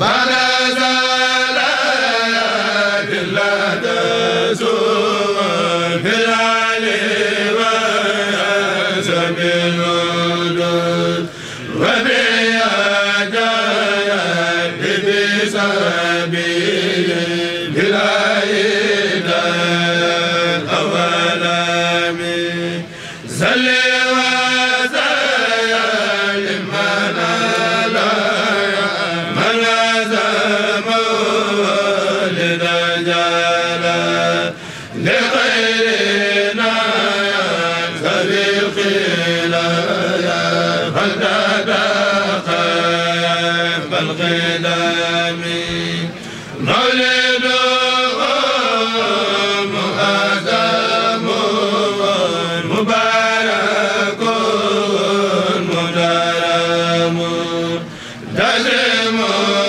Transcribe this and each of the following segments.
ba dale ma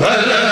wala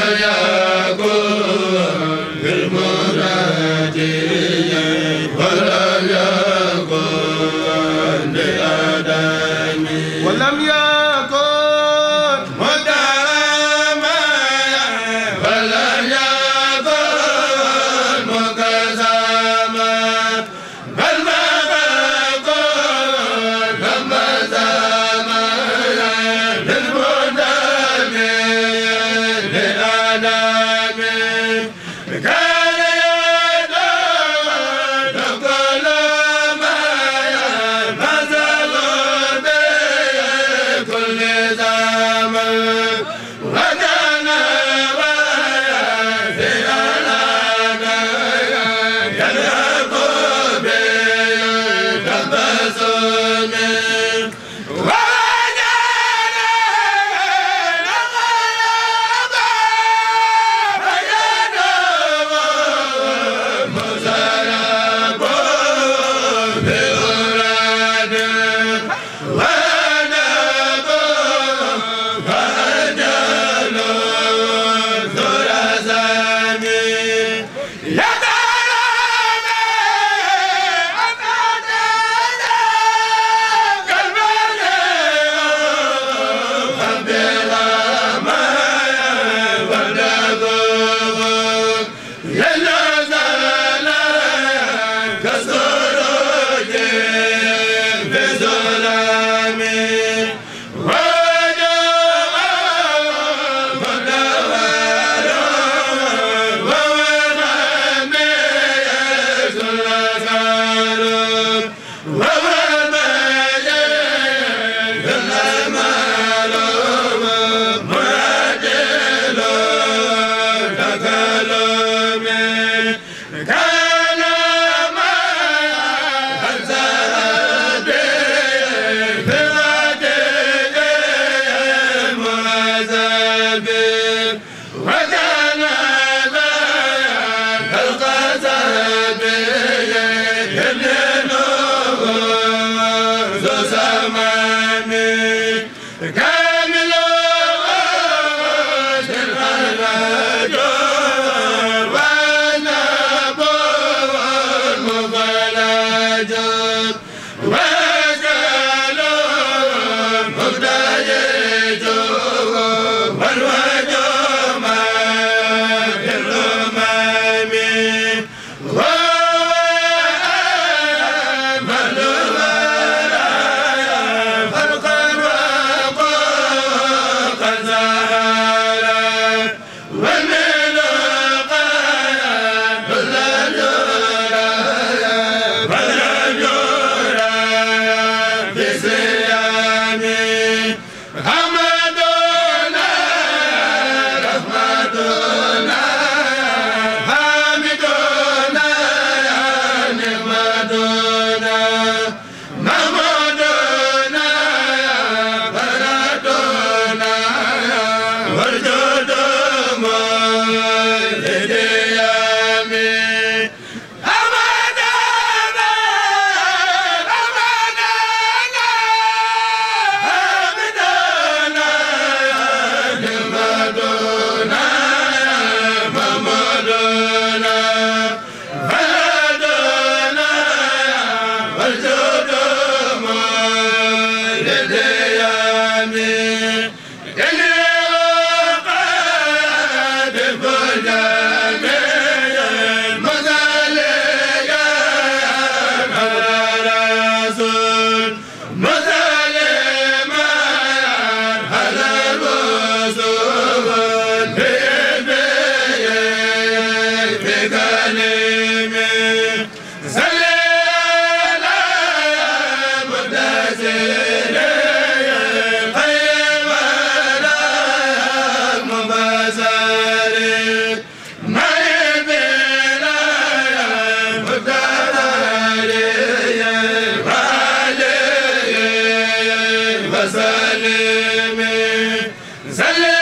سليم